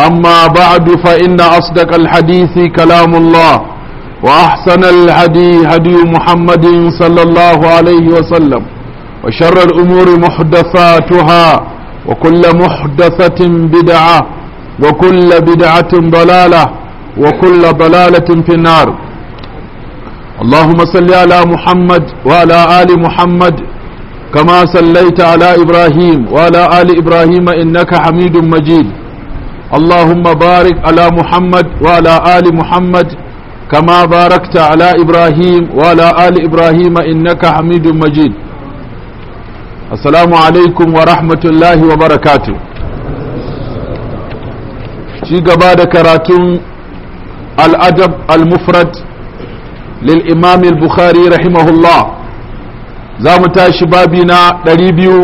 أما بعد فإن أصدق الحديث كلام الله وأحسن الهدي هدي محمد صلى الله عليه وسلم وشر الأمور محدثاتها وكل محدثة بدعة وكل بدعة ضلالة وكل ضلالة في النار اللهم صل على محمد وعلى آل محمد كما صليت على إبراهيم وعلى آل إبراهيم إنك حميد مجيد اللهم بارك على محمد وعلى آل محمد كما باركت على إبراهيم وعلى آل إبراهيم إنك حميد مجيد السلام عليكم ورحمة الله وبركاته شي قبادة كراتون الأدب المفرد للإمام البخاري رحمه الله زامتا شبابنا دريبيو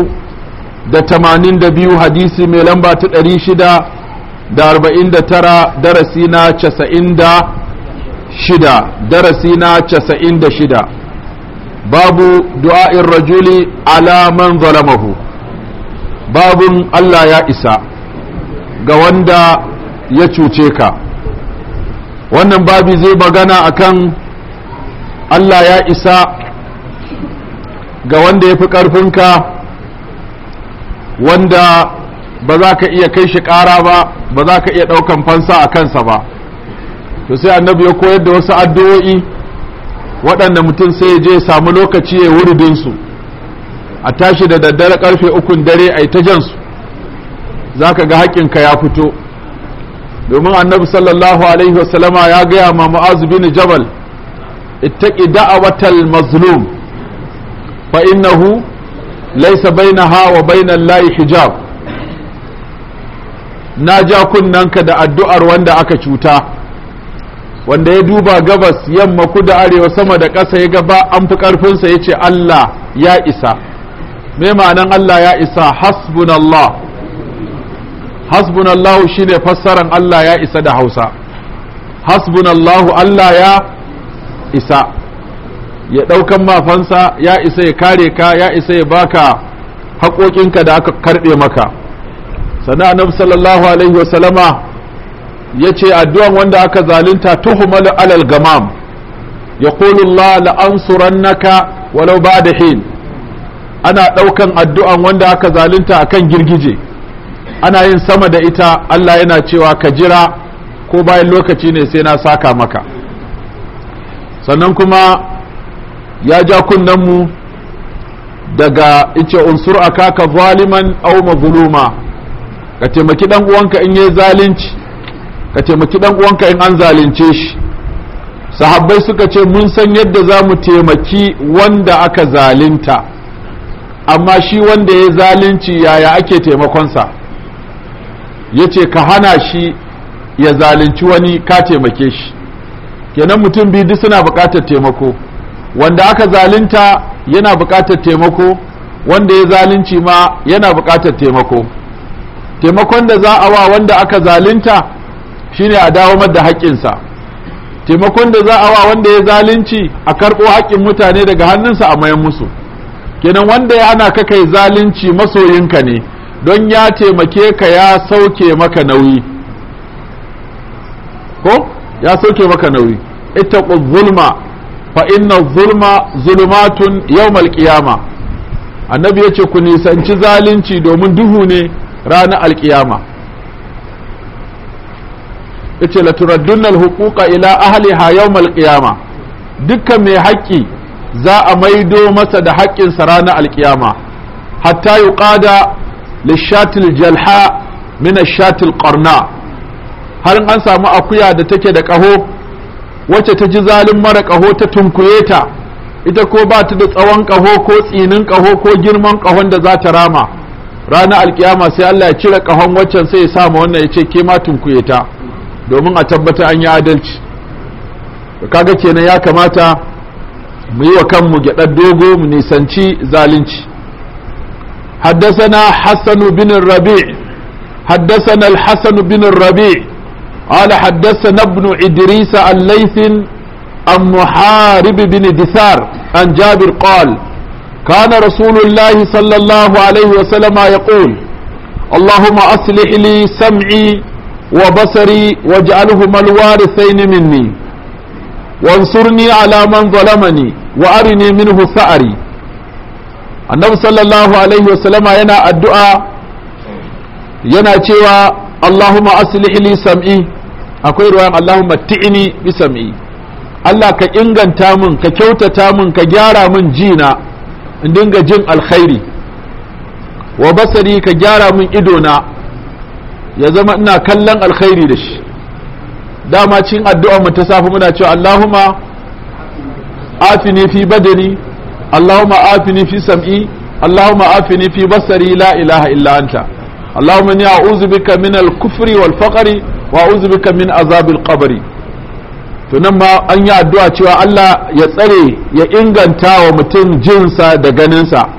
da 82 hadisi mai lamba ta 600 da arba'in da tara darasi na casa'in da shida darasi na casa'in da shida babu du'a'in rajuli ala man zalamahu babun Allah ya isa ga wanda ya cuce ka wannan babi zai magana kan Allah ya isa ga wanda ya fi ƙarfinka wanda ba za ka iya kai shi ƙara ba ba za ka iya ɗaukan fansa a kansa ba to sai annabi ya koyar da wasu addu'o'i waɗanda mutum sai ya je ya samu lokaci ya su, a tashi da daddare ƙarfe ukun dare a ta su za ka ga haƙƙinka ya fito domin annabi sallallahu alaihi wasallama ya gaya ma mu'azu bin jabal ittaqi da'awatal mazlum fa innahu laysa bainaha wa bainal lahi hijab na ja kunnanka da addu'ar wanda aka cuta wanda ya duba gabas yamma kuda arewa sama da ƙasa ya gaba an fi ƙarfinsa ya ce Allah ya isa me ma'anan Allah ya isa hasbunallah hasbunallahu shine fassaran Allah ya isa da hausa hasbunallahu Allah ya isa ya ɗaukan mafansa ya isa ya kare ka ya isa ya baka haƙoƙinka da aka karɓe maka sana annabi sallallahu alaihi wa sallama yace addu'an wanda aka zalunta tuhmal alal gamam yaqulu Allah la ansurannaka walau ba'da hin ana daukan addu'an wanda aka zalunta akan girgije ana yin sama da ita Allah yana cewa ka jira ko bayan lokaci ne sai na saka maka sannan kuma ya ja kunnan mu daga ice unsur akaka zaliman aw mazluma ka taimaki dan uwanka in yayi zalunci ka taimaki dan uwanka in an zalunce shi sahabbai suka ce mun san yadda za mu taimaki wanda aka zalunta amma shi wanda ya zalunci yaya ake taimakonsa ya ce ka hana shi ya zalunci wani ka taimake shi kenan mutum biyu duk suna buƙatar taimako wanda aka zalunta yana buƙatar taimako wanda ya zalunci ma yana buƙatar taimako taimakon da za a wa wanda aka zalunta shine a dawo da haƙƙinsa taimakon da za a wa wanda ya zalunci a karɓo haƙƙin mutane daga hannunsa a mayan musu kenan wanda ya ana ka kai zalunci masoyinka ne don ya taimake ka ya sauke maka nauyi ko ya sauke maka nauyi ita zulma fa inna zulma zulumatun yawmal qiyama annabi yace ku nisanci zalunci domin duhu ne ranar alkiyama yace la turaddunnal huquqa ila ahliha yawmal qiyama dukkan mai haƙƙi za a maido masa da sa ranar alkiyama hatta yuqada lishatil jalha min ashatil qarna har an samu akuya da take da ƙaho wacce ta ji zalin mara ƙaho ta tunkuye ta ita ko ba ta da tsawon ƙaho ko tsinin ƙaho ko girman ƙahon da za ta rama ranar alkiyama sai Allah ya cire kahon waccan sai ya sa ma wannan ya ce ke ma tunkuye ta domin a tabbata an yi adalci kaga kenan ya kamata mu yi wa kanmu gyaɗar dogo mu nisanci zalunci haddasana حسن bin الربيع حدثنا الحسن بن الربيع قال حدثنا ابن إدريس الليث عن محارب بن دثار عن جابر قال كان رسول الله صلى الله عليه وسلم يقول اللهم أصلح لي سمعي وبصري واجعلهما الوارثين مني وانصرني على من ظلمني وأرني منه ثأري النبي صلى الله عليه وسلم ينا الدعاء ينا تشوى اللهم أصلح لي سمعي akwai ruwan Allahumma ti'ini bi sam'i Allah ka inganta min ka kyautata min ka gyara min jina in dinga jin alkhairi wa basari ka gyara min idona ya zama ina kallon alkhairi da shi dama cin addu'a mu ta safi muna cewa Allahumma afini fi badani Allahumma afini fi sam'i Allahumma afini fi basari la ilaha illa anta Allahumma ni a'udhu bika min al-kufri wal faqri wa a'udhu bika min azabil qabri to nan ma an yi addu'a cewa Allah ya tsare ya inganta wa mutum jinsa da ganinsa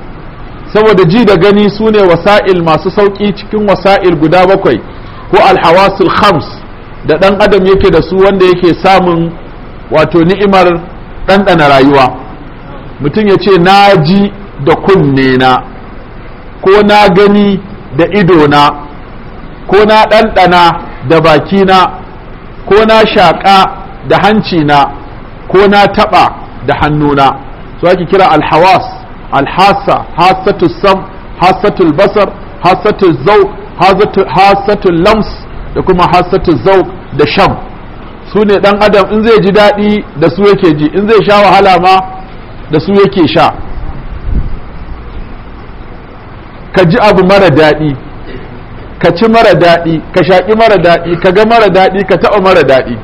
saboda ji da gani su ne wasa'il masu sauƙi cikin wasa'il guda bakwai ko alhawasul khams da ɗan adam yake da su wanda yake samun wato ni'imar ɗanɗana rayuwa mutum ya ce na ji da kunne na ko na gani da ido na ko na ɗanɗana da baki na ko na shaƙa da hanci na ko na taɓa da hannuna su ake kira alhawas alhassa hasatul sam hasatul basar satul-zau hasatu hasatul lams da kuma hasatul zau da sham su ne ɗan adam in zai ji daɗi da su yake ji in zai sha wahala ma da su yake sha ka ji abu mara daɗi ka ci mara daɗi ka shaƙi mara daɗi ka ga mara daɗi ka taɓa mara daɗi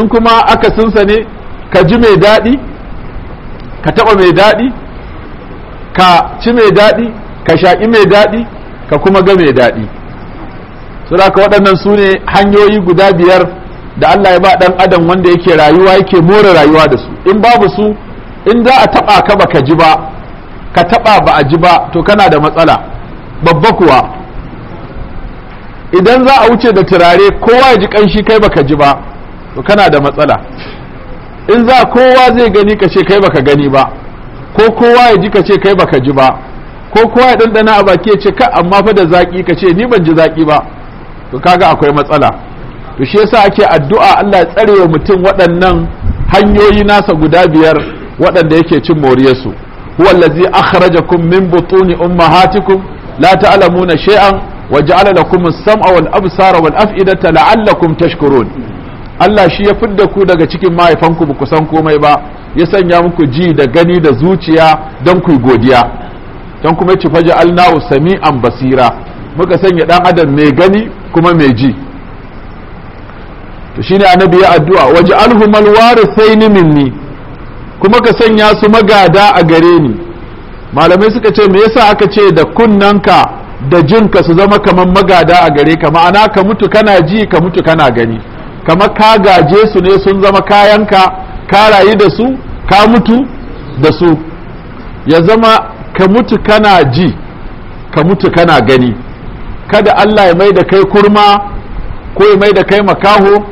in kuma akasinsa ne ka ji mai daɗi ka taɓa mai daɗi ka ci mai daɗi ka shaƙi mai daɗi ka kuma ga mai daɗi su da waɗannan su ne hanyoyi guda biyar da Allah ya ba ɗan adam wanda yake rayuwa yake more rayuwa da su in babu su in za a taɓa ka ba ka ji ba ka taɓa ba a ji ba to kana da matsala babba kuwa idan za a wuce da turare kowa ya ji ƙanshi kai baka ji ba to kana da matsala in za kowa zai gani ka ce kai baka gani ba ko kowa ya ji ka ce kai baka ji ba ko kowa ya dandana a baki ya ce ka amma fa da zaki ka ce ni ban ji zaki ba to kaga akwai matsala to shi yasa ake addu'a Allah ya tsare wa mutum waɗannan hanyoyi nasa guda biyar waɗanda yake cin moriyarsu huwa allazi akhrajakum min butuni ummahatikum la ta'lamuna shay'an wa lakum as-sam'a wal absara wal af'idata la'allakum tashkurun Allah shi ya fidda ku daga cikin mahaifanku ba ku san komai ba ya sanya muku ji da gani da zuciya don ku godiya don kuma ci faji sami an basira muka sanya dan adam mai gani kuma mai ji to shine annabi ya addu'a waje alhumal warithaini minni kuma ka sanya su magada a gare ni malamai suka ce me yasa aka ce da kunnanka da jinka su zama kaman magada a gare ka ma'ana ka mutu kana ji ka mutu kana gani kamar ka gaje su ne sun zama kayanka ka rayu da su ka mutu da su ya zama ka mutu kana ji ka mutu kana gani kada Allah ya mai da kai kurma ko ya mai da kai makaho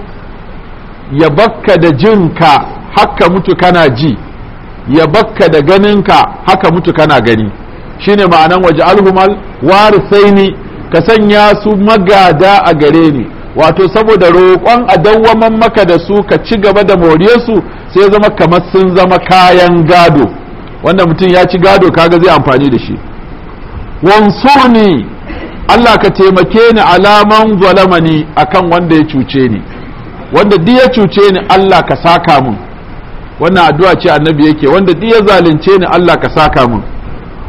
ya bakka da jinka haka mutu kana ji ya bakka da ganinka haka mutu kana gani shine ma'anan waje alhumal ne ka sanya su magada a gare ni wato saboda roƙon a dawwaman maka da su ka ci gaba da moriyarsu sai zama kamar sun zama kayan gado wanda mutum ya ci gado kaga zai amfani da shi wansurni Allah ka taimake ni alaman gwalamani akan wanda ya cuce ni wanda duk ya cuce ni Allah ka saka mun wannan addu'a ce annabi yake wanda duk ya zalunce ni Allah ka saka mun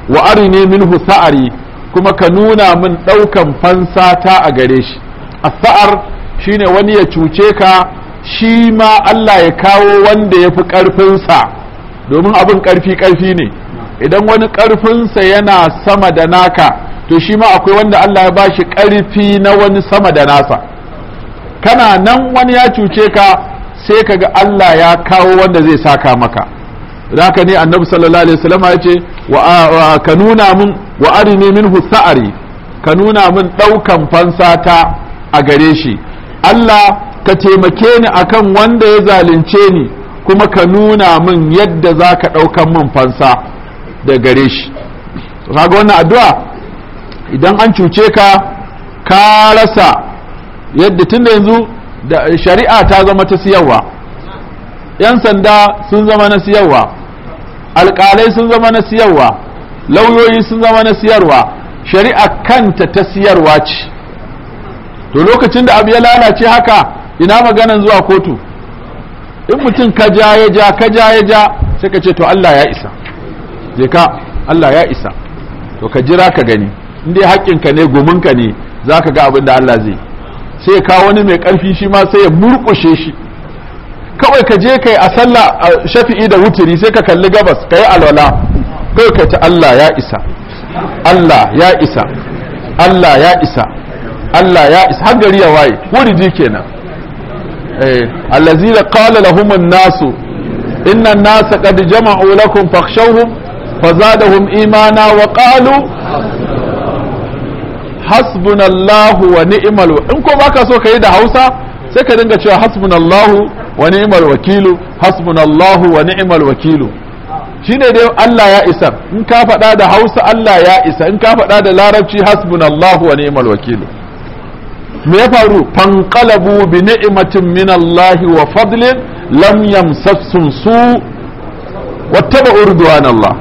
wa ne minhu sa'ari kuma ka nuna min ɗaukan fansa ta a gare shi asa'ar shine wani ya cuce ka shi ma Allah ya kawo wanda ya fi ƙarfinsa domin abin ƙarfi ƙarfi ne idan wani ƙarfinsa yana sama da naka to shi ma akwai wanda Allah ya ba shi ƙarfi na wani sama da nasa kana nan wani ya cuce ka sai ka ga Allah ya kawo wanda zai saka maka haka ne annabi sallallahu alaihi wasallam ya ce wa ka nuna min wa arini ka nuna min ɗaukan fansa ta a gare shi Allah ka taimake ni akan wanda ya zalunce ni kuma ka nuna min yadda za ka ɗaukan min fansa da gare shi kaga wannan addu'a idan an cuce ka ka rasa yadda tun da yanzu da shari'a ta zama ta siyarwa 'yan sanda sun zama na siyarwa alƙalai sun zama na siyarwa lauyoyi sun zama na siyarwa shari'a kanta ta siyarwa ce to lokacin da abu ya lalace haka ina maganan zuwa kotu in mutum ka ja ya ja ka ja ya ja sai ka ce to Allah ya isa je ka Allah ya isa to ka jira ka gani in dai haƙƙinka ne gominka ne za ka ga abin da Allah zai sai ka wani mai ƙarfi shi ma sai ya murƙushe shi kawai ka je kai a sallah shafi'i da wuturi sai ka kalli gabas ka yi alwala kawai ka ta Allah ya isa Allah ya isa Allah ya isa Allah ya isa har gari ya waye wuriji kenan eh allazina qala lahum an-nasu inna an-nasa qad jama'u lakum fakhshawhum fazadahum imana wa qalu hasbunallahu wa ni'mal in ko baka so kai da Hausa sai ka dinga cewa hasbunallahu wa ni'mal wakilu hasbunallahu wa ni'mal wakilu shine dai Allah ya isa in ka faɗa da Hausa Allah ya isa in ka faɗa da Larabci hasbunallahu wa ni'mal wakilu me ya faru fanqalabu bi ni'matin min Allah wa fadlin lam yamsasum su wattaba'u ridwan Allah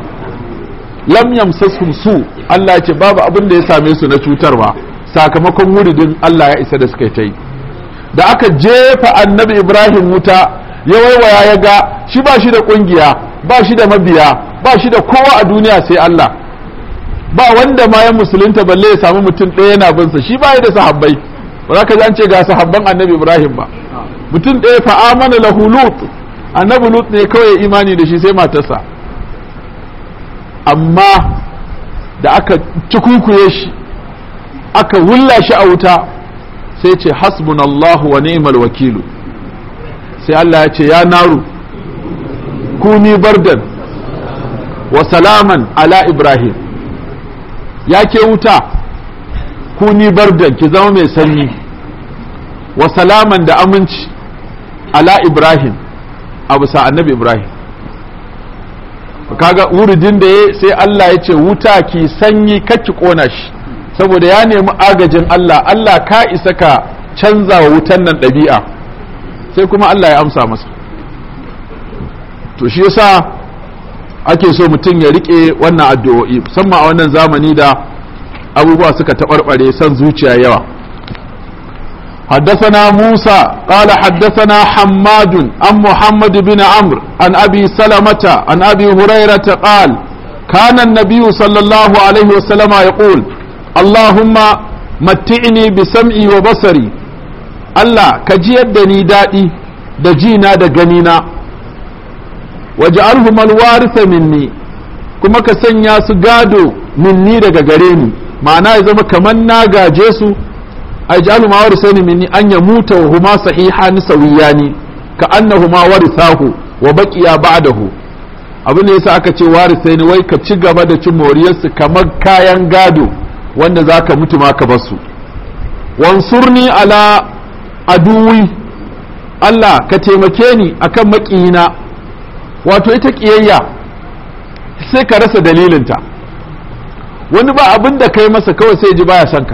lam yamsasum su Allah ce babu abin da ya same su na cutarwa sakamakon wuridin Allah ya isa da suka ta yi da aka jefa annabi Ibrahim wuta ya waiwaya ya ga shi ba shi da kungiya ba shi da mabiya ba shi da kowa a duniya sai Allah ba wanda ma ya musulunta balle ya samu mutum ɗaya yana binsa shi ba da sahabbai ba za ka ji an ce ga sahabban annabi ibrahim ba mutum ɗaya fa amana la hulut annabi lut ne kawai imani da shi sai matarsa amma da aka cikukuye shi aka wulla shi a wuta sai ce hasbunallahu wa ni'mal wakilu sai Allah ya ce ya naru kuni bardan wa salaman ala ibrahim ya ke wuta kuni bardan ki zama mai sanyi wa salaman da aminci ala ibrahim a bisa annabi ibrahim kaga wurudin da ya sai Allah ya ce wuta ki sanyi kaki kona shi saboda ya nemi agajin Allah Allah ka isa ka canza wa wutan nan ɗabi'a sai kuma Allah ya amsa masa to shi yasa ake so mutum ya rike wannan addu'o'i musamman a wannan zamani da abubuwa suka taɓarɓare son zuciya yawa حدثنا موسى قال حدثنا حماد عن محمد بن عمرو عن أبي سلمة عن أبي هريرة قال كان النبي صلى الله عليه وسلم يقول اللهم متعني بسمعي وبصري الله كجيد دني دادي دجينا دجنينا واجعلهم الوارث مني كما كسن ياسو قادو مني دجاريني معناه إذا ما كمان ناقا جيسو ajalu ma warisani minni an muta wa huma sahihan sawiyani ka annahuma warisahu wa baqiya ba'dahu abin da yasa aka ce warisani wai ka ci gaba da cin moriyarsu kamar kayan gado wanda zaka mutu ma ka basu wansurni ala aduwi Allah ka taimake ni akan maƙiyina wato ita ƙiyayya sai ka rasa dalilinta wani ba abin da kai masa kawai sai ji baya son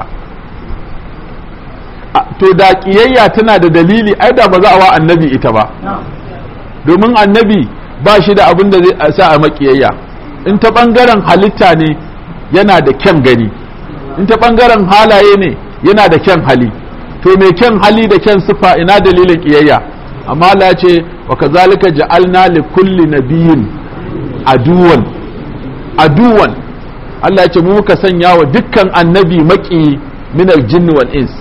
to da kiyayya tana da dalili ai da ba za a wa annabi ita ba domin annabi ba shi da abin da zai sa a makiyayya in ta ɓangaren halitta ne yana da kyan gani in ta bangaren halaye ne yana da kyan hali to mai kyan hali da kyan sufa ina dalilin kiyayya amma la ce wa ka kazalika ja'alna li kulli biyun aduwan aduwan Allah ya ce mu muka sanya wa dukkan annabi maki min jinni wal ins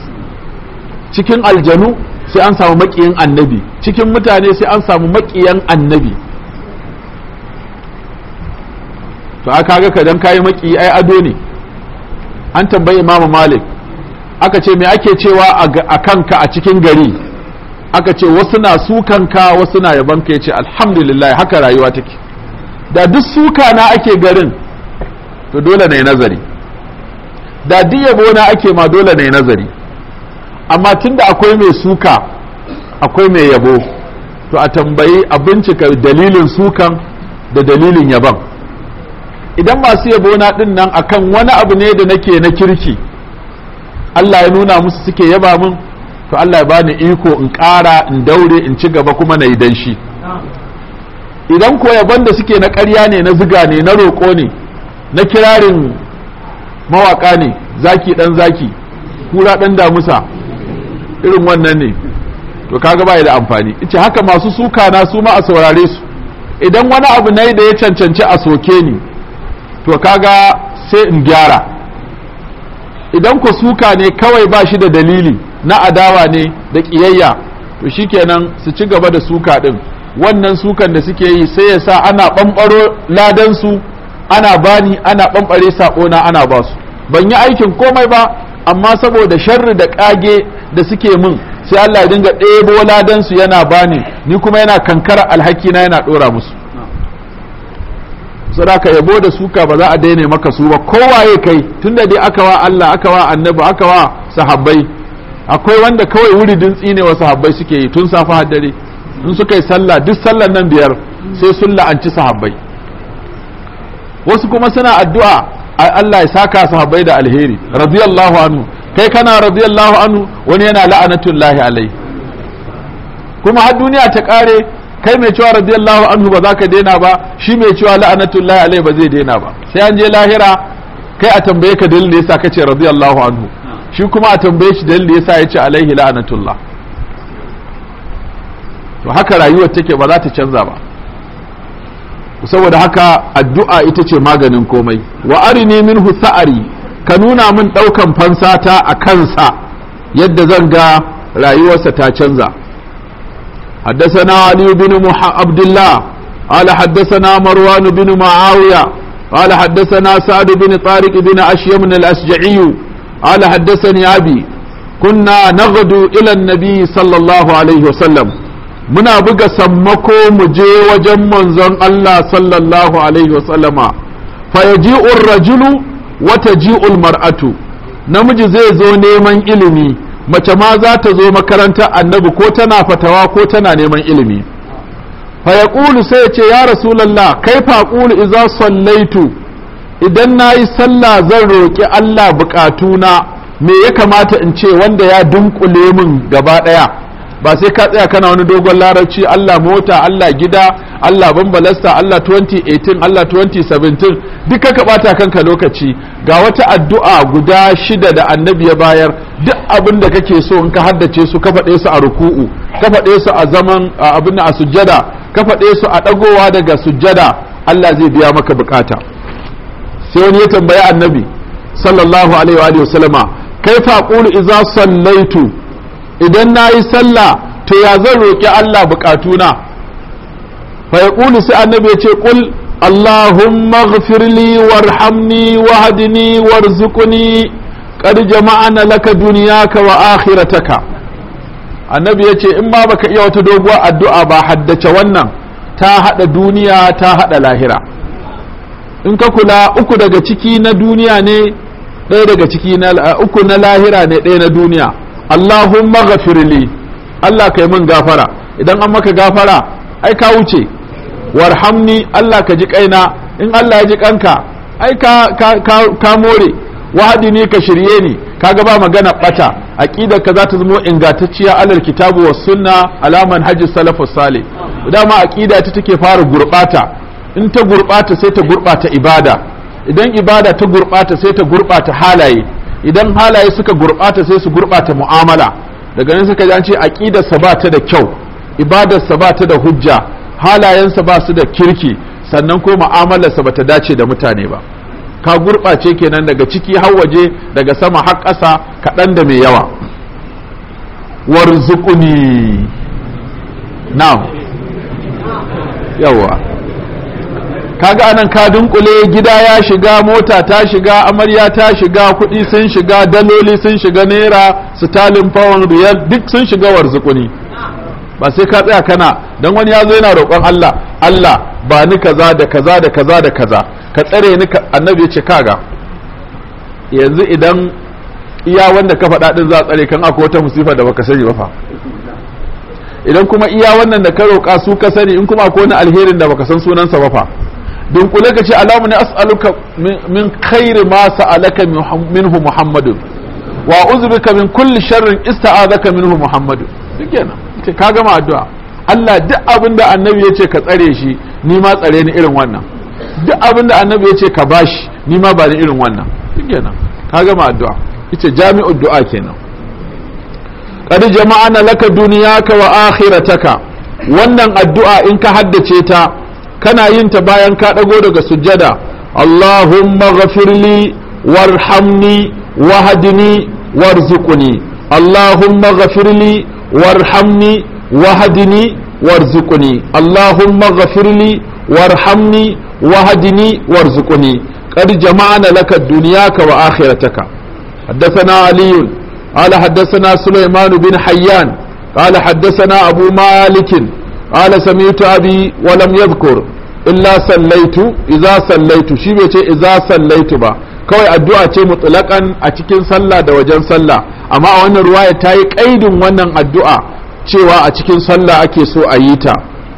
cikin aljanu sai an samu makiyin annabi cikin mutane sai an samu makiyan annabi to aka ga ka dan kayi maki ai ado ne an tambayi imamu malik aka ce me ake cewa a kanka a cikin gari aka ce wasu na sukanka wasu na yaban ya ce alhamdulillah haka rayuwa take da duk suka na ake garin to dole na yi nazari da duk yabo na ake ma dole na yi nazari amma tunda akwai mai suka akwai mai yabo to a tambayi a bincika dalilin sukan da dalilin yabon idan masu yabo na ɗin nan akan wani abu ne da nake na kirki Allah ya nuna musu suke yaba mun, to Allah ya bani iko in ƙara in daure in ci gaba kuma na yi danshi idan ko yabon da suke na ƙarya ne na ziga ne na roƙo ne na kirarin mawaƙa ne zaki ɗan zaki kura ɗan damusa irin wannan ne to kaga ba da amfani ita haka masu suka na su ma a saurare su idan wani abu na yi da ya cancanci a soke ni to kaga sai in gyara idan ku suka ne kawai ba shi da dalili na adawa ne da ƙiyayya to shikenan su ci gaba da suka din wannan sukan da suke yi sai ya sa ana ladan su ana bani ana ɓamɓare na ana ba su ban yi aikin komai ba amma saboda sharri da kage da suke mun sai Allah ya dinga ɗebo ladan su yana bani ni kuma yana kankara alhaki na yana ɗora musu sadaka yabo da suka ba za a daina maka su ba kowaye kai tunda dai aka wa Allah aka wa annabi aka wa sahabbai akwai wanda kawai wuridin tsine wa sahabbai suke yi tun safa har dare in suka yi sallah duk sallan nan biyar sai sun la'anci sahabbai wasu kuma suna addu'a Allah ya saka sahabbai da alheri radiyallahu anhu kai kana radiyallahu anhu wani yana la'anatullahi alai kuma har duniya ta kare kai mai cewa radiyallahu anhu ba za ka daina ba shi mai cewa la'anatullahi alai ba zai daina ba sai an je lahira kai a tambaye ka dalilin da yasa kace radiyallahu anhu shi kuma a tambaye shi dalilin da yasa yace alaihi la'anatullah to haka rayuwar take ba za ta canza ba saboda haka addu'a ita ce maganin komai wa arini minhu sa'ari ka nuna min ɗaukan fansata a kansa yadda zan ga rayuwarsa ta canza حدثنا علي بن عبد الله قال حدثنا مروان بن معاوية قال حدثنا سعد بن طارق بن أشيم الأشجعي قال حدثني أبي كنا نغدو إلى النبي صلى الله عليه وسلم muna buga sammako mu je wajen manzon Allah sallallahu alaihi wasallama fa yaji'ur rajulu wa taji'ul mar'atu namiji zai zo neman ilimi mace ma za ta zo makaranta annabi ko tana fatawa ko tana neman ilimi fa yaqulu sai ya ce ya rasulullah fa qulu idza sallaitu idan nayi sallah zan roki Allah bukatuna me ya kamata in ce wanda ya dunkule min gaba daya ba sai ka tsaya kana wani dogon larabci Allah mota Allah gida Allah bambalasta Allah 2018 Allah 2017 duk ka bata kanka lokaci ga wata addu'a guda shida da annabi ya bayar duk abin da kake so in ka haddace su ka faɗe su a ruku'u ka faɗe su a zaman abin a sujjada ka faɗe su a ɗagowa daga sujjada Allah zai biya maka bukata sai wani ya tambayi annabi sallallahu alaihi wa sallama kaifa aqulu idza sallaitu idan na yi sallah to ya zan roƙi Allah buƙatuna fa ya ƙuli sai annabi ya ce ƙul Allahumma ghfirli warhamni wahdini warzuqni qad jama'ana laka dunyaka wa akhirataka annabi ya ce in ma baka iya wata doguwa addu'a ba haddace wannan ta hada duniya ta hada lahira in ka kula uku daga ciki na duniya ne ɗaya daga ciki na uku na lahira ne ɗaya na duniya Allahumma li Allah kai min gafara idan an maka gafara ai ka wuce warhamni Allah ka ji kaina in Allah ya ji kanka ai ka ka ka more ne ka shirye ni kaga ba magana bata aqidar ka zata ta zama ingantacciya alal kitabu was sunna alaman hajji salafu salih dama aqida ta take fara gurbata in ta gurbata sai ta gurbata ibada idan ibada ta gurbata sai ta gurbata halaye idan halaye suka gurɓata sai su gurɓata mu'amala daga nan suka ji an ce aqidarsa ba ta da kyau ibadarsa ba ta da hujja halayensa ba su da kirki sannan ko mu'amalarsa ba ta dace da mutane ba ka gurɓace kenan daga ciki har waje daga sama har ƙasa kaɗan da mai yawa warzuquni na yawa kaga anan ka dunkule gida ya shiga mota ta shiga amarya ta shiga kuɗi sun shiga daloli sun shiga naira sitalin pound riyal duk sun shiga warzukuni ba sai ka tsaya kana dan wani ya zo yana roƙon Allah Allah ba ni kaza da kaza da kaza da kaza ka tsare ni annabi ya ce kaga yanzu idan iya wanda ka faɗa din za a tsare kan akwai wata musifa da baka sani ba fa idan kuma iya wannan da ka roƙa su ka sani in kuma akwai wani alherin da baka san sunansa ba fa dunkule ka ce alamu ne as'aluka min khairi ma sa'alaka minhu muhammadun wa uzbika min kulli sharrin ista'azaka minhu muhammadun duk kenan ka gama addu'a Allah duk abin da annabi ya ce ka tsare shi ni ma tsare ni irin wannan duk abin da annabi ya ce ka bashi ni ma ba ni irin wannan duk kenan ka gama addu'a ita jami'u du'a kenan qad jama'ana laka dunyaka wa akhirataka wannan addu'a in ka haddace ta kana yin ta bayan ka ɗago daga sujjada Allahumma ghafirli warhamni wahdini warzuqni Allahumma ghafirli warhamni wahdini warzuqni Allahumma ghafirli warhamni wahdini warzuqni قد جمعنا لك دنياك وآخرتك حدثنا علي قال حدثنا سليمان بن حيان قال حدثنا أبو مالك قال سمعت أبي ولم يذكر إلا صليت إذا صليت شي بيتي إذا صليت با kawai addu'a ce mutlaƙan a cikin sallah da wajen sallah amma a wannan ruwaya ta yi ƙaidin wannan addu'a cewa a cikin sallah ake so a yi ta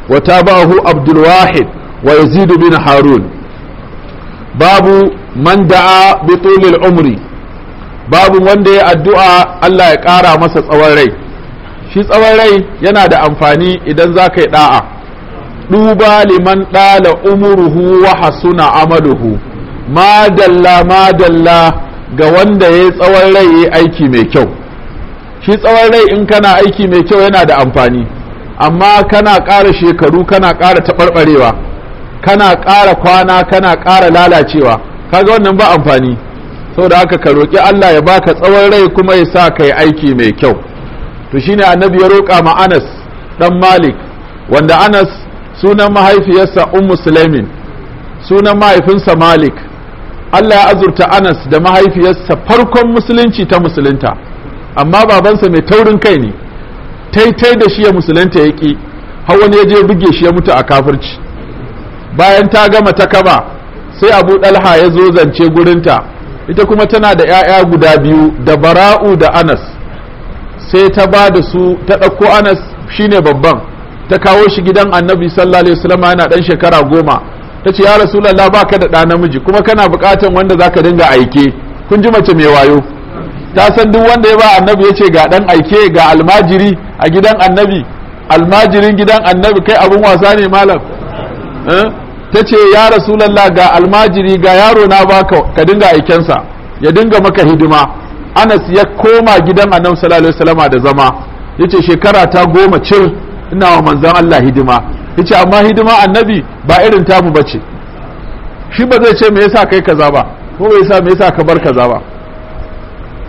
wata bahu abdulwahid wa yazidu bin harun babu man da'a bi umri babu wanda ya addu'a Allah ya ƙara masa tsawon rai shi tsawon rai yana da amfani idan za ka yi ɗa'a. duba liman ɗala umuruhu wa hasuna amaluhu madalla madalla ga wanda ya yi tsawon rai ya aiki mai kyau shi tsawon rai in kana aiki mai kyau yana da amfani amma kana ƙara shekaru kana ƙara taɓarɓarewa kana ƙara kwana kana ƙara lalacewa kaga wannan ba amfani saboda haka ka roƙi Allah ya baka tsawon rai kuma ya sa ka yi aiki mai kyau to shine annabi ya roƙa ma Anas dan Malik wanda Anas sunan mahaifiyarsa Ummu Sulaimin sunan mahaifinsa Malik Allah ya azurta Anas da mahaifiyarsa farkon musulunci ta musulunta amma babansa mai taurin kai ne taitai da shi ya musulunta ya ƙi har wani ya je buge shi ya mutu a kafirci bayan ta gama ta kaba sai abu Dalha ya zo zance gurinta ita kuma tana da 'ya'ya guda biyu da bara'u da anas sai ta ba da su ta ɗauko anas shine babban ta kawo shi gidan annabi sallallahu alaihi wasallam yana dan shekara goma ta ce ya rasulallah ba ka da ɗa namiji kuma kana buƙatan wanda za ka dinga aike kun ji mace mai wayo ta san duk wanda ya ba annabi ya ce ga ɗan aike ga almajiri a gidan annabi almajirin gidan annabi kai abun wasa ne malam eh? ta ce ya rasulallah ga almajiri ga yaro na ba ka dinga aikensa ya dinga maka hidima anas ya koma gidan annabi sallallahu alaihi wasallama da zama yace shekara ta goma cir ina wa manzon Allah hidima yace amma hidima annabi ba irin tamu bace shi ba zai ce me yasa kai kaza ba ko bai yasa me yasa ka bar kaza ba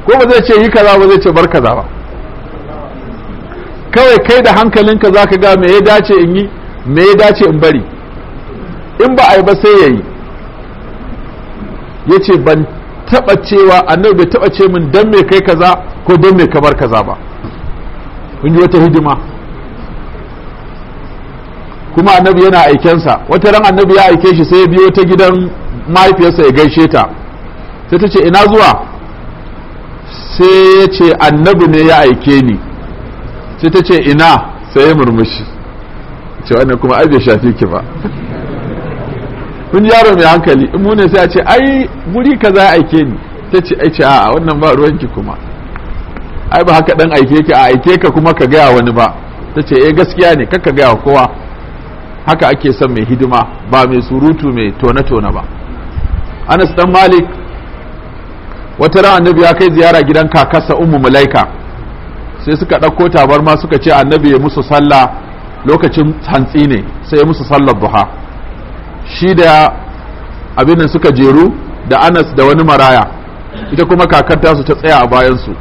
ko ba zai ce yi kaza ba zai ce bar kaza ba kawai kai da hankalinka zaka ga me ya dace in yi me ya dace in bari in ba a yi ba sai yayi yace ban taba cewa annabi bai taba ce min dan me kai kaza ko dan me kamar kaza ba kun ji wata hidima kuma annabi yana aikensa wata ran annabi ya aike shi sai ya biyo ta gidan mahaifiyarsa ya gaishe ta sai ta ce ina zuwa sai ya ce annabi ne ya aike ni sai ta ce ina sai ya murmushi ce wannan kuma ai bai shafi ki ba kun yaro mai hankali in mune sai a ce ai guri kaza aike ni ta ce ai ce a'a wannan ba ruwanki kuma ai ba haka dan aike ki a aike ka kuma ka gaya wani ba ta ce eh gaskiya ne kar ka gaya kowa haka ake son mai hidima ba mai surutu mai tone tone ba Anas dan Malik wata ran annabi ya kai ziyara gidan kakarsa Ummu Mulaika sai suka ɗauko tabarma suka ce annabi ya musu sallah lokacin hantsi ne sai ya musu sallar duha shi da abin suka jeru da anas da wani maraya ita kuma kakanta su ta tsaya a bayansu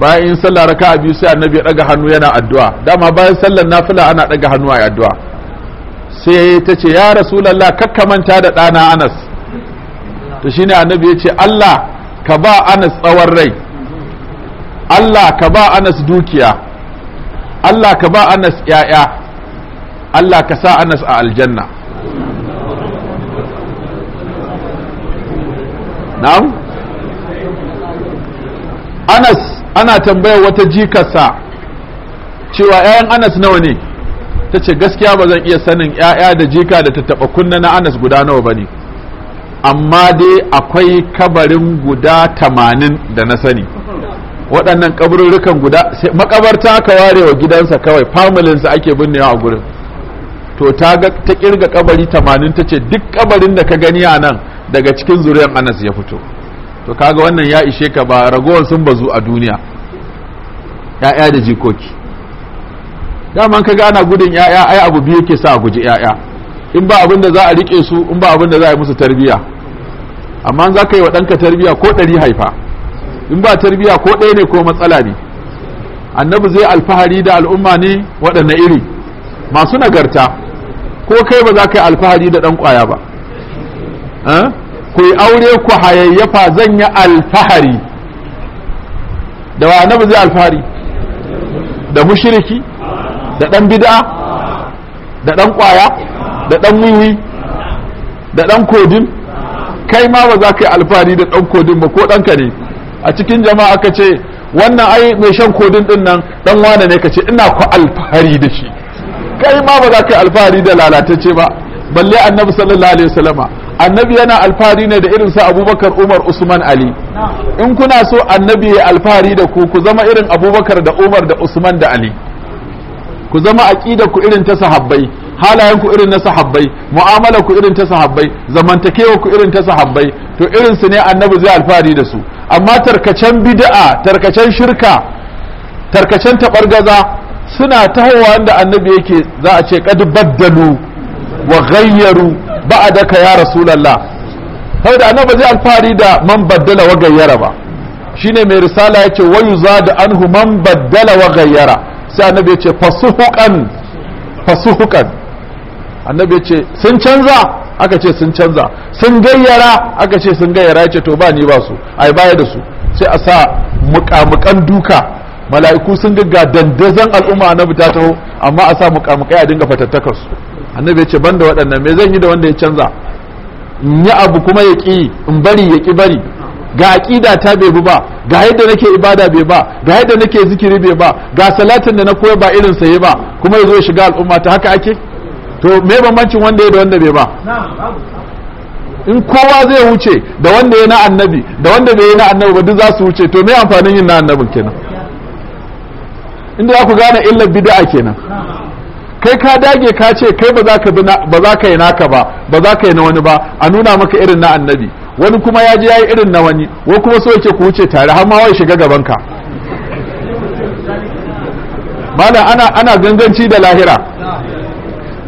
bayan in sallah raka biyu sai annabi ya daga hannu yana addu'a dama bayan sallar nafila ana daga hannu a addu'a sai ta ce ya rasulullah kakka manta da ɗana anas to shine annabi ya ce allah ka ba anas tsawon rai allah ka ba anas dukiya allah ka ba anas 'ya'ya allah ka sa anas a aljanna na'am anas ana tambayar wata jikarsa cewa 'ya'yan anas nawa ne ta ce gaskiya ba zan iya sanin 'ya'ya da jika da ta taɓa kunna na anas guda nawa ba ne amma dai akwai kabarin guda tamanin da na sani waɗannan kabarurrukan guda makabarta ka ware wa gidansa kawai familinsa ake binnewa a gurin to ta kirga kabari tamanin ta ce duk kabarin da ka gani a nan daga cikin zuriyar anas ya fito to kaga wannan ya ishe ka ba ragowar sun bazu a duniya ya'ya da jikoki man ka ana gudun ya'ya ai abu biyu ke sa guji ya'ya in ba abin da za a rike su in ba abin da za a yi musu tarbiya amma za ka yi wa ɗanka tarbiya ko ɗari haifa in ba tarbiya ko ɗaya ne ko matsala ne annabi zai alfahari da al'umma ne waɗanne iri masu nagarta ko kai ba za ka yi alfahari da ɗan ƙwaya ba ku yi aure ku hayayyafa zan yi alfahari da wa na zai alfahari da mushiriki da dan bid'a da dan kwaya da dan wiwi da dan kodin kai ma ba za ka yi alfahari da dan kodin ba ko ɗanka ne a cikin jama'a aka ce wannan ai mai shan kodin ɗinnan nan dan wane ne ka ce ina ku alfahari da shi kai ma ba za ka yi alfahari da lalatacce ba balle annabi sallallahu alaihi wasallama annabi yana alfahari ne da irin sa abubakar umar usman ali in kuna so annabi ya alfahari da ku ku zama irin abubakar da umar da usman da ali ku zama aqida ku irin ta sahabbai halayen ku irin na sahabbai mu'amala ku irin ta sahabbai zamantakewa ku irin ta sahabbai to irin su ne annabi zai alfahari da su amma tarkacen bid'a tarkacen shirka tarkacen tabargaza suna tahowa da annabi yake za a ce kad baddalu wa a daka ya rasulallah hau da annabi zai alfahari da man baddala wa gayyara ba shine mai risala yace wa da anhu man baddala wa gayyara sai annabi ce fasuhukan fasuhukan annabi ce sun canza aka ce sun canza sun gayyara aka ce sun gayyara ce to ba ni ba su ai baya da su sai a sa mukamukan duka mala'iku sun gaggada dandazon al'umma annabi ta taho amma a sa mukamukai a dinga fatattakar su annabi ya ce banda waɗannan me zan yi da wanda ya canza in yi abu kuma ya ƙi in bari ya ƙi bari ga aƙida ta bai bi ba ga yadda nake ibada bai ba ga yadda nake zikiri bai ba ga salatin da na koya ba irin saye ba kuma ya zo ya shiga al'umma ta haka ake to me bambancin wanda ya da wanda bai ba in kowa zai wuce da wanda ya na annabi da wanda bai yi na annabi ba duk za su wuce to me amfanin yin na annabin kenan inda za ku gane illar bid'a kenan kai ka dage ka ce kai ba za ka bi ba za ka yi naka ba ba za ka yi na wani ba a nuna maka irin na annabi wani kuma ya je ya yi irin na wani wa kuma so yake ku wuce tare har ma wai shiga gaban ka malam ana ana ganganci da lahira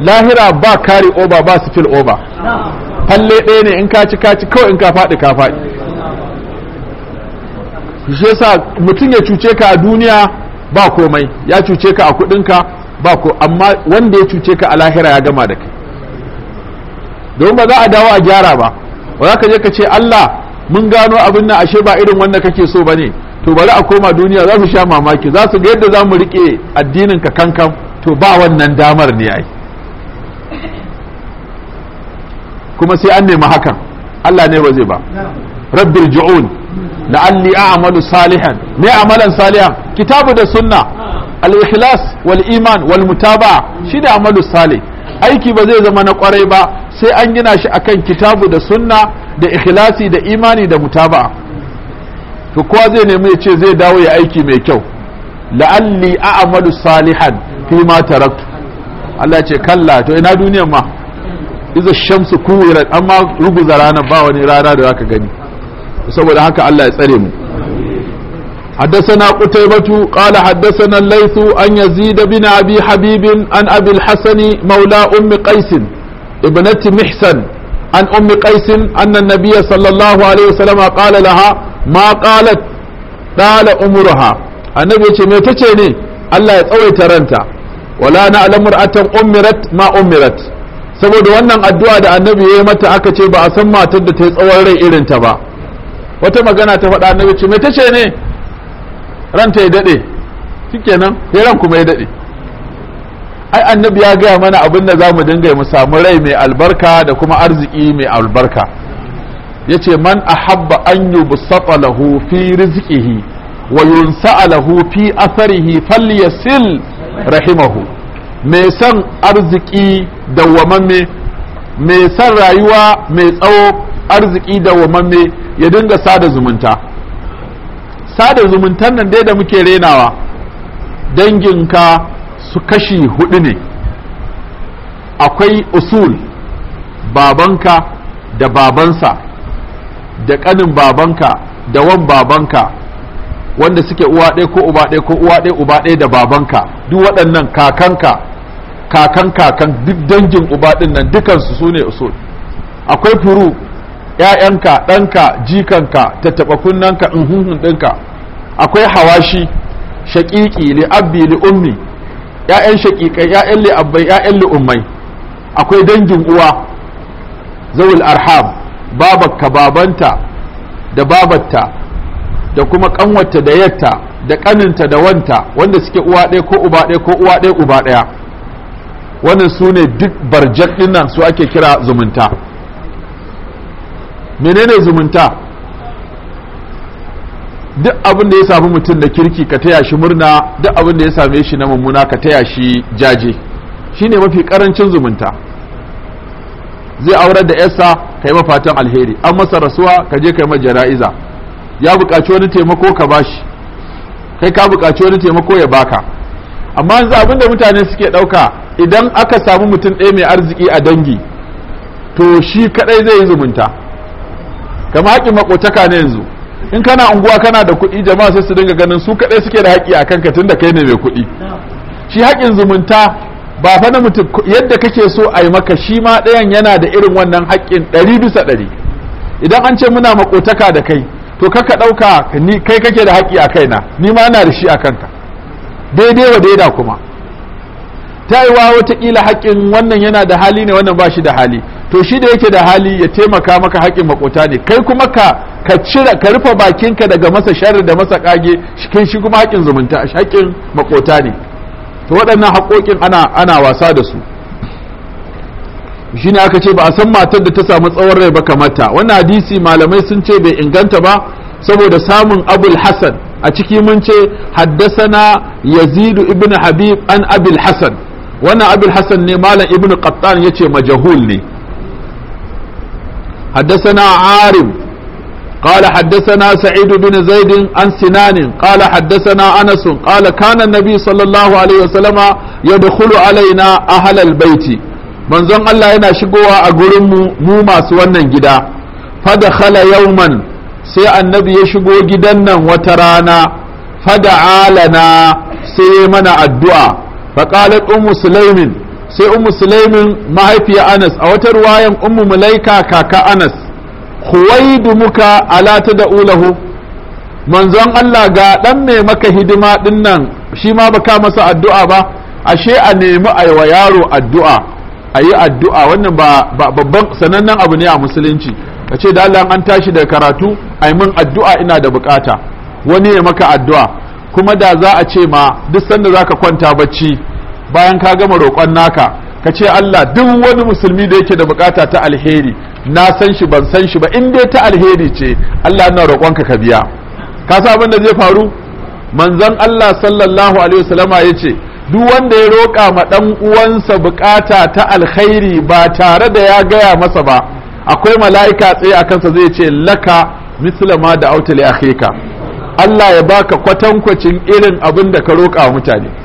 lahira ba kari over ba spill over falle ɗaya ne in ka ci ka ci kawai in ka faɗi ka faɗi shi yasa mutum ya cuce ka a duniya ba komai ya cuce ka a ka. ba ko amma wanda ya cuce ka a lahira ya gama da kai don ba za a dawo a gyara ba ba za ka je ka ce Allah mun gano abin nan ashe ba irin wanda kake so bane to bari a koma duniya za su sha mamaki za su ga yadda za mu rike addinin ka kankan to ba wannan damar ne ai kuma sai an nemi hakan Allah ne ba zai ba rabbil ju'un la'alli a'malu salihan me amalan salihan kitabu da sunna al-ikhlas wal iman wal mutaba shi amalu salih aiki ba zai zama na kwarai ba sai an gina shi akan kitabu da sunna da ikhlasi da imani da mutaba to kowa zai nemi ya ce zai dawo ya aiki mai kyau la'alli a'malu salihan fi ma taraktu Allah ce kalla to ina duniyan ma iza shamsu kuwirat amma ruguza ranar ba wani rana da zaka gani saboda haka Allah ya tsare mu حدثنا قتيبة قال حدثنا الليث أن يزيد بن أبي حبيب عن أبي الحسن مولى أم قيس ابنة محسن عن أم قيس أن النبي صلى الله عليه وسلم قال لها ما قالت قال أمرها النبي يقول ميتتيني الله يتأوي ترنتا ولا نعلم رأة أمرت ما أمرت saboda wannan addu'a da annabi ya yi mata aka ce ba a san matar da ta yi tsawon rai irinta ba wata magana ta faɗa annabi ce mai tace ne ranta ya daɗe shikenan ya ran kuma ya daɗe ai annabi ya gaya mana abin da za mu dinga mu samu rai mai albarka da kuma arziki mai albarka ya ce man ahabba an yi busata lahu fi rizqihi wa yunsa'a lahu fi asarihi falyasil rahimahu mai san arziki dawwamamme mai san rayuwa mai tsawo arziki dawwamamme ya dinga sada zumunta sada zumuntan nan dai da muke renawa danginka su kashi hudu ne akwai usul babanka da babansa da kanin babanka da wan babanka wanda suke uwa ɗaya ko uba ɗaya ko uwa ɗaya uba ɗaya da babanka duk waɗannan kakanka kakan kakan duk dangin uba ɗin nan dukansu su ne usul akwai furu ‘ya'yanka ɗanka jikanka tattaɓa in hunhun ɗinka akwai hawashi shaƙiƙi li'abbi li'ummi ‘ya'yan shaƙiƙai ‘ya'yan li'abbai ‘ya'yan li'ummai akwai dangin uwa zawul arham babakka babanta da babatta da kuma ƙanwata da yatta da ƙaninta da wanta wanda suke uwa ɗaya ko uba ɗaya ko uwa ɗaya uba ɗaya wannan su ne duk barjan ɗinnan su ake kira zumunta menene zumunta duk abin da ya sami mutum da kirki ka taya shi murna duk abin da ya same shi na mummuna ka taya shi jaje shine mafi karancin zumunta zai aurar da yasa ka yi mafatan alheri an masa rasuwa ka je ka yi jana'iza ya buƙaci wani taimako ka bashi kai ka buƙaci wani taimako ya baka amma yanzu abin da mutane suke ɗauka idan aka samu mutum ɗaya mai arziki a dangi to shi kaɗai zai yi zumunta kama haƙƙin makotaka ne yanzu in kana unguwa kana da kuɗi jama'a sai su dinga ganin su kaɗai suke da haƙƙi a kanka tun da kai ne mai kuɗi shi haƙƙin zumunta ba fa na mutum yadda kake so a yi maka shi ma ɗayan yana da irin wannan haƙƙin ɗari bisa ɗari idan an ce muna makotaka da kai to kaka ɗauka ni kai kake da haƙƙi a kaina ni ma ina da shi a kanka daidai wa daida kuma ta yi wa watakila haƙƙin wannan yana da hali ne wannan ba shi da hali to shi da yake da hali ya taimaka maka haƙƙin makota ne kai kuma ka ka cire ka rufe bakinka daga masa sharri da masa kage shi shi kuma haƙƙin zumunta haƙƙin makota ne to waɗannan haƙoƙin ana ana wasa da su shine aka ce ba a san matar da ta samu tsawon rai ba ta wannan hadisi malamai sun ce bai inganta ba saboda samun abul hasan a ciki mun ce haddasana yazidu ibn habib an abul hasan wannan abul hasan ne malam ibn qattan yace majahul ne حدثنا عارم قال حدثنا سعيد بن زيد عن سنان قال حدثنا أنس قال كان النبي صلى الله عليه وسلم يدخل علينا أهل البيت من زن الله ينا شقوا أقرم مو ما سوانا جدا فدخل يوما سي النبي يشقوا جدا وترانا فدعا لنا سي من الدعاء فقالت أم سليم sai ummu sulaimin mahaifiya anas a wata ruwayan ummu mulaika kaka anas huwaidu muka alata da ulahu manzon Allah ga dan mai maka hidima din nan shi ma baka masa addu'a ba ashe a nemi a wa yaro addu'a a yi addu'a wannan ba babban sanannen abu ne a musulunci a ce da Allah an tashi da karatu a min addu'a ina da bukata wani ya maka addu'a kuma da za a ce ma duk sanda za ka kwanta bacci bayan ka gama roƙon naka ka ce Allah duk wani musulmi da yake da bukata ta alheri na san shi ban san shi ba in dai ta alheri ce Allah ina roƙonka ka biya ka sa abin da zai faru manzon Allah sallallahu alaihi wasallama yace duk wanda ya roƙa ma dan uwansa bukata ta alkhairi ba tare da ya gaya masa ba akwai mala'ika tsaye a kansa zai ce laka mithla ma da auta li akhika Allah ya baka kwatankwacin irin abin da ka roƙa mutane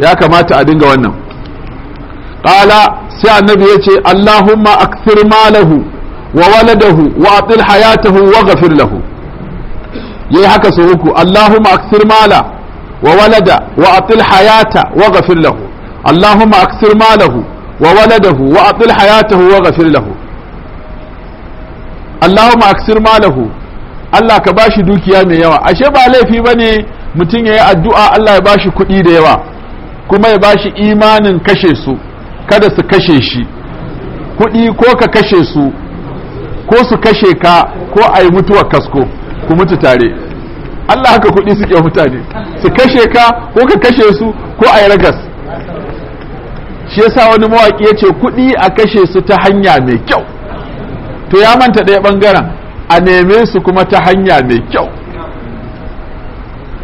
ya kamata a dinga wannan Ƙala sai annabi yace allahumma akthir malahu wa waladahu wa atil hayatahu wa ghafir lahu yayi haka sau uku allahumma akthir mala wa walada wa atil hayata wa ghafir lahu allahumma akthir malahu wa waladahu wa atil hayatahu wa ghafir lahu allahumma akthir malahu Allah ka bashi dukiya mai yawa ashe ba laifi bane mutum yayi addu'a Allah ya bashi kuɗi da yawa kuma ya bashi imanin kashe su kada su kashe shi kuɗi ko ka kashe su ko su kashe ka ko a yi mutuwar kasko ku mutu tare Allah haka kuɗi suke mutane su kashe ka ko ka kashe su ko a yi ragas shi yasa wani mawaƙi ya ce kuɗi a kashe su ta hanya mai kyau to ya manta ɗaya ɓangaren a neme su kuma ta hanya mai kyau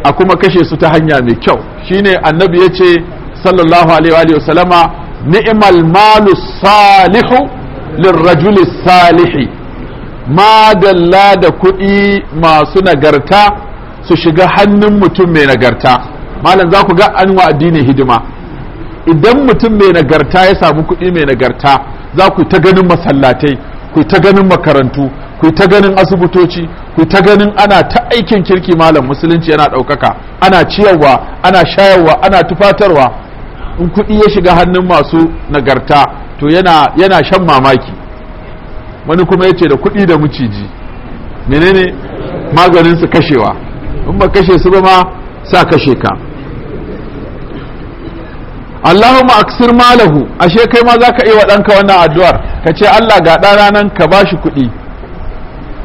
a kuma kashe su ta hanya mai kyau shine annabi ya ce sallallahu alaihi wa sallama ni'mal malu salihu lirrajuli salihi madalla da kuɗi masu nagarta su shiga hannun mutum mai nagarta malam za ku ga an wa addini hidima idan mutum mai nagarta ya samu kuɗi mai nagarta za ku ta ganin masallatai ku ta ganin makarantu ku ta ganin asibitoci ku ta ganin ana ta aikin kirki malam musulunci yana ɗaukaka ana ciyarwa ana shayarwa ana tufatarwa in kuɗi ya shiga hannun masu nagarta to yana yana shan mamaki wani kuma ya ce da kuɗi da muciji menene maganin su kashewa in ba kashe su ba ma sa kashe ka Allahumma aksir malahu ashe kai ma zaka iya wa ɗanka wannan addu'ar ka ce Allah ga ɗana nan ka bashi kuɗi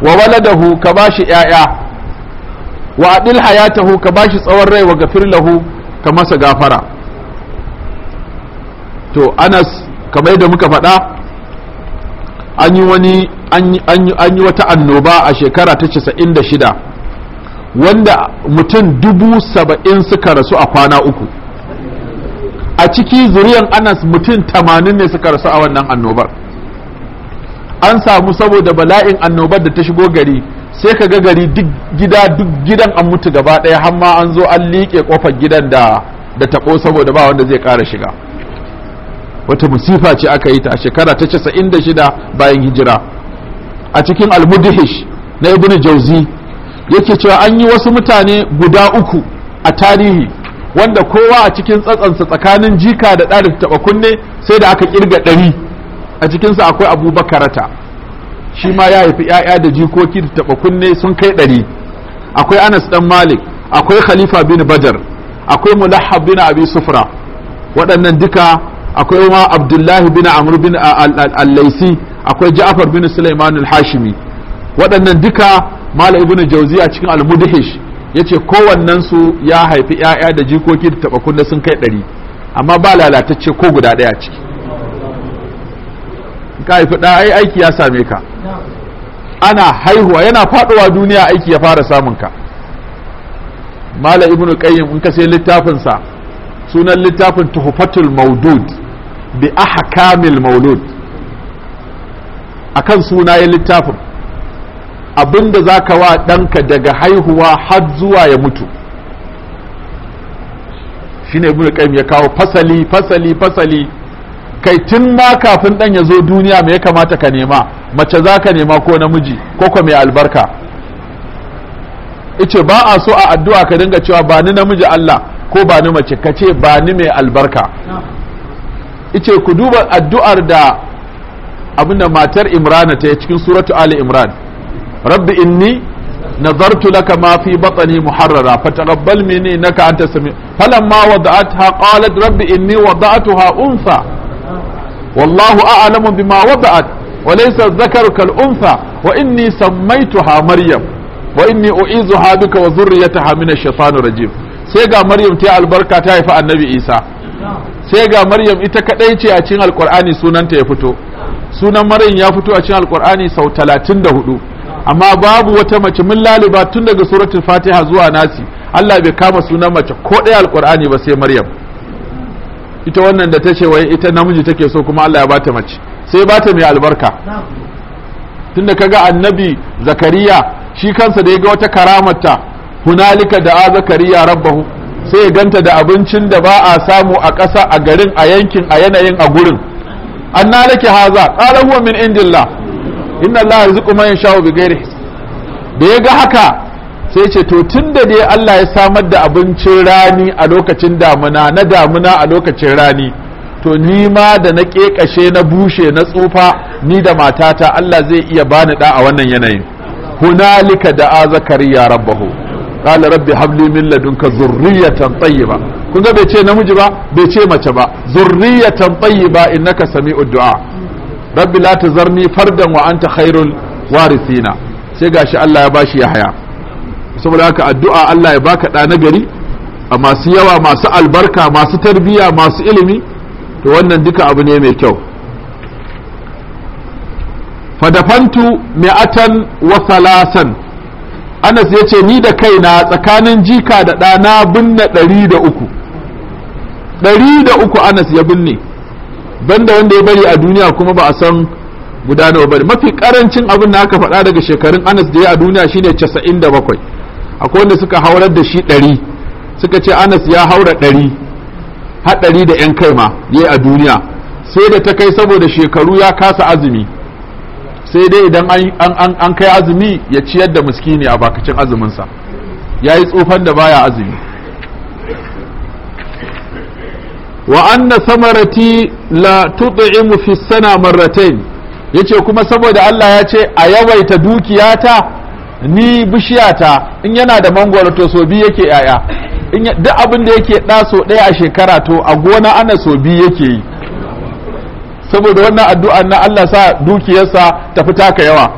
wa waladahu ka ba shi yaya wa adil hayatahu ka bashi tsawon rai wa gafir lahu ka masa gafara to anas kamar da muka faɗa an yi wani an yi wata annoba a shekara ta shida wanda mutum dubu saba'in suka rasu a kwana uku a ciki zuriyan anas mutum tamanin ne suka rasu a wannan annobar an samu saboda bala'in annobar da ta shigo gari sai ka ga gari duk gida duk gidan an mutu gaba ɗaya har ma an zo an liƙe ƙofar gidan da da taɓo saboda ba wanda zai ƙara shiga wata musifa ce aka yi ta shekara ta casa'in da shida bayan hijira a cikin almudihish na ibnu jauzi yake cewa an yi wasu mutane guda uku a tarihi wanda kowa a cikin tsatsansa tsakanin jika da ɗari taɓa kunne sai da aka ƙirga ɗari a cikinsa akwai abu bakarata shi ma ya haifi ‘ya'ya da jikoki da taɓa kunne sun kai ɗari akwai anas ɗan malik akwai khalifa bin bajar akwai mulahab bin abi sufra waɗannan duka akwai ma abdullahi bin amr bin al-laisi akwai ja'far bin sulaiman al-hashimi waɗannan duka malam ibnu jauzi a cikin al-mudhish yace kowannen su ya haifi ‘ya'ya da jikoki da taɓa kunne sun kai ɗari amma ba lalatacce ko guda ɗaya ciki ka haifi ɗa ai aiki ya same ka ana haihuwa yana faɗowa duniya aiki ya fara samun ka mala ibnu qayyim in ka sai littafinsa sunan littafin tuhfatul maudud bi ahkamil maulud akan sunayen littafin abinda ka wa ɗanka daga haihuwa har zuwa ya mutu shine ibnu qayyim ya kawo fasali fasali fasali kai tun ma kafin ɗan ya zo duniya me ya kamata ka nema mace za ka nema ko namiji ko ko mai albarka ice ba a so a addu'a ka dinga cewa ba ni namiji Allah ko ba ni mace ka ce ba ni mai albarka ice ku duba addu'ar da abinda matar imrana ta yi cikin suratu ali imran rabbi inni نظرت لك ما في بطني محررا ma minni innaka انت السميع falamma wada'atha qalat rabbi inni وضعتها انثى wallahu a'lamu bima wada'at wa laysa dhakaru kal untha wa inni sammaytuha maryam wa inni u'izuha bika wa dhurriyyataha min ash sai ga maryam ta yi albarka ta haifa annabi isa sai ga maryam ita kadai ce a cikin alqur'ani sunanta ya fito sunan maryam ya fito a cikin alqur'ani sau talatin da hudu amma babu wata mace mun laliba tun daga suratul fatiha zuwa nasi Allah bai kama sunan mace ko ɗaya alqur'ani ba sai maryam ita wannan da ta ce wai ita namiji take so kuma Allah ya bata mace sai bata mai albarka tunda kaga annabi zakariya shi kansa da ya ga wata karamarta hunalika da a zakariya rabbahu sai ya ganta da abincin da ba a samu a ƙasa a garin a yankin a yanayin a gurin anna laki haza qala huwa min indillah inna allaha yarzuqu man yasha'u bighairi da ya ga haka sai ce to tun da dai Allah ya samar da abincin rani a lokacin damuna na damuna a lokacin rani to ni ma da na ƙeƙashe na bushe na tsufa ni da matata Allah zai iya bani da a wannan yanayin hunalika da ya rabbahu qala rabbi habli min ladunka zurriyatan tayyiba kun ga bai ce namiji ba bai ce mace ba zurriyatan tayyiba innaka sami'ud du'a rabbi la tazarni fardan wa anta khairul warithina sai gashi Allah ya bashi Yahaya saboda haka addu'a Allah ya baka ɗa nagari a masu yawa masu albarka masu tarbiyya masu ilimi to wannan duka abu ne mai kyau fadafantu mi'atan wa salasan anas ya ce ni da kaina tsakanin jika da ɗana binne ɗari da uku ɗari da uku anas ya binne banda wanda ya bari a duniya kuma ba a san gudanarwa ba mafi ƙarancin abin da aka faɗa daga shekarun anas da ya a duniya shine casa'in da bakwai akwai wanda suka haurar da shi ɗari suka ce anas ya haura ɗari haɗari da yan kai ma yayi a duniya sai da ta kai saboda shekaru ya kasa azumi sai dai idan an kai azumi ya ciyar da muskini a bakacin azuminsa ya yi tsofan da baya azumi wa anna samarati la tut'imu fi sana marratain yace kuma saboda Allah ya ce a yawaita dukiyata ni bishiyata in yana da mangwaro to so biyu yake yaya duk abin da yake ɗa so ɗaya a shekara to a gona ana so biyu yake yi saboda wannan addu'a na Allah sa dukiyarsa ta fi taka yawa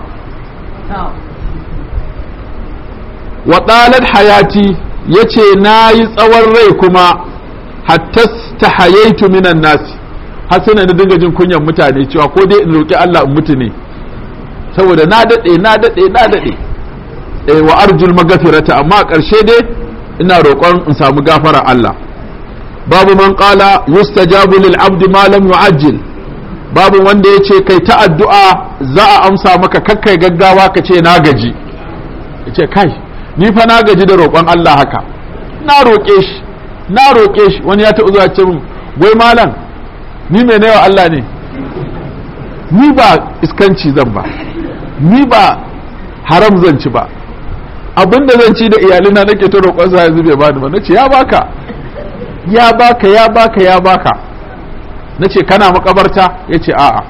wa ɗalar hayati yace ce na yi tsawon rai kuma hatta ta hayaitu minan nasi har sai na dinga jin kunyan mutane cewa ko dai in roƙi Allah in mutu ne saboda na daɗe na daɗe na daɗe eh wa arjul magafirata amma a ƙarshe dai ina roƙon in samu gafara Allah babu man qala yustajabu lil abdi ma lam babu wanda ya ce kai ta addu'a za a amsa maka kakkai gaggawa ka ce na gaji ce kai ni fa na gaji da roƙon Allah haka na roƙe shi na roƙe shi wani ya taɓa zuwa ce min wai malam ni mai naiwa Allah ne ni ba iskanci zan ba ni ba haram zan ci ba abin da zan ci da iyalina nake ta roƙon sa yanzu bai bani ba nace ya baka ya baka ya baka ya baka nace kana makabarta yace a'a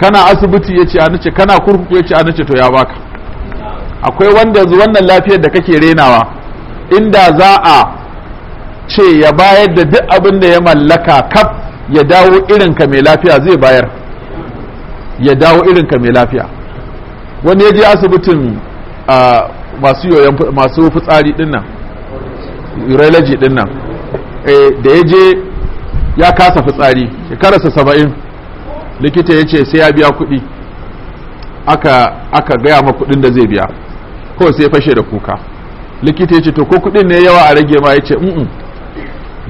kana asibiti yace a nace kana kurkuku yace a nace to ya baka akwai wanda yanzu wannan lafiyar da kake renawa inda za a ce ya bayar da duk abin da ya mallaka kaf ya dawo irin ka mai lafiya zai bayar ya dawo irin ka mai lafiya wani ya je asibitin ah, masu yoyon masu fitsari din nan urology din nan eh, da ya je ya kasa fitsari shekararsa saba'in likita ya ce sai ya biya kuɗi aka aka gaya ma kuɗin da zai biya ko sai fashe da kuka likita ya ce to ko kuɗin ne yawa a rage ma ya ce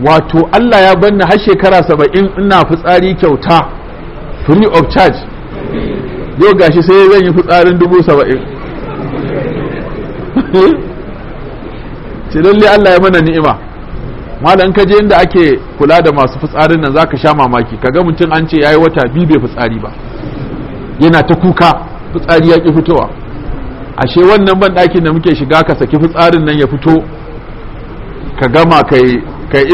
wato Allah ya banna har shekara saba'in ina fitsari kyauta free of charge yau gashi sai zan yi fitsarin dubu saba'in ce lalle Allah ya mana ni'ima malam ka je inda ake kula da masu fitsarin nan zaka sha mamaki kaga mutum an ce yayi wata biyu bai fitsari ba yana ta kuka fitsari ya ki fitowa ashe wannan ban ɗakin da muke shiga ka saki fitsarin nan ya fito ka gama kai kai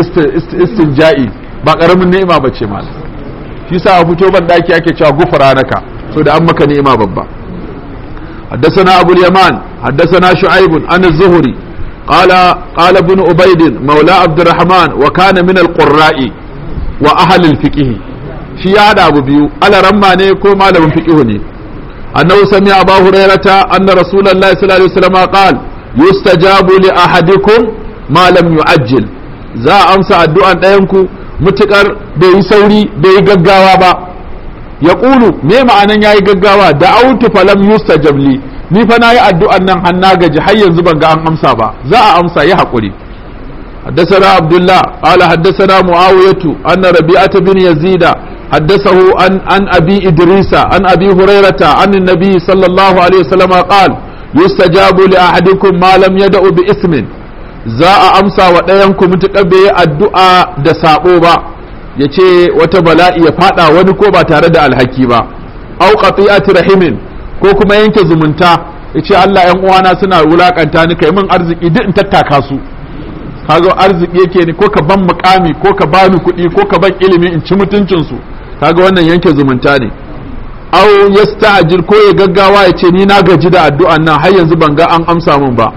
istinja'i ba karamin ni'ima bace malam shi sa a fito ban ɗaki ake cewa gufara naka so da an maka ni'ima babba حدثنا أبو اليمان حدثنا شعيب عن الزهري قال قال ابن عبيد مولى عبد الرحمن وكان من القراء وأهل الفقه shi ya haɗa abu biyu alarama ne ko malamin fiqihu ne annahu sami abu hurairata anna rasulullahi sallallahu alaihi wasallam qal yustajabu li ahadikum ma za a amsa addu'an ɗayanku mutuƙar bai yi sauri bai yi gaggawa ba ya ƙulu me ma'anan ya yi gaggawa da autu falam yusta jabli ni fa na yi addu'an nan hanna gaji har yanzu ban ga an amsa ba za a amsa ya haƙuri حدثنا عبد الله قال حدثنا معاوية أن ربيعة بن يزيد حدثه عن عن أبي إدريس عن أبي هريرة عن النبي صلى الله عليه وسلم قال يستجاب لأحدكم ما لم يدع بإثم za a amsa wa ɗayanku mutuƙar bai addu'a da saɓo ba ya ce wata bala'i ya fada wani ko ba tare da alhaki ba au qati'ati rahimin ko kuma yanke zumunta ya ce Allah yan uwana suna wulakanta ni kai min arziki duk in tattaka su kaga arziki yake ni ko ka ban mukami ko ka bani kuɗi ko ka ban ilimi in ci mutuncin su kaga wannan yanke zumunta ne au yasta'jir ko ya gaggawa ya ce ni na gaji da addu'an nan har yanzu ban ga an amsa min ba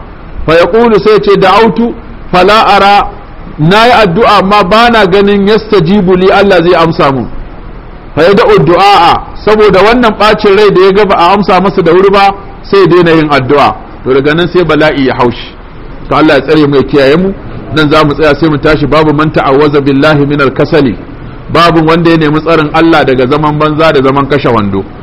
fa yaqulu sai ya ce da'autu fala ara na yi addu'a amma ba na ganin yasta jibuli Allah zai amsa mu fa ya da du'a saboda wannan ɓacin rai da ya gaba a amsa masa da wuri ba sai daina yin addu'a to daga nan sai bala'i ya haushi to Allah ya tsare mu ya kiyaye mu nan za mu tsaya sai mu tashi babu man ta'awwaza billahi minal kasali babu wanda ya nemi tsarin Allah daga zaman banza da zaman kashe wando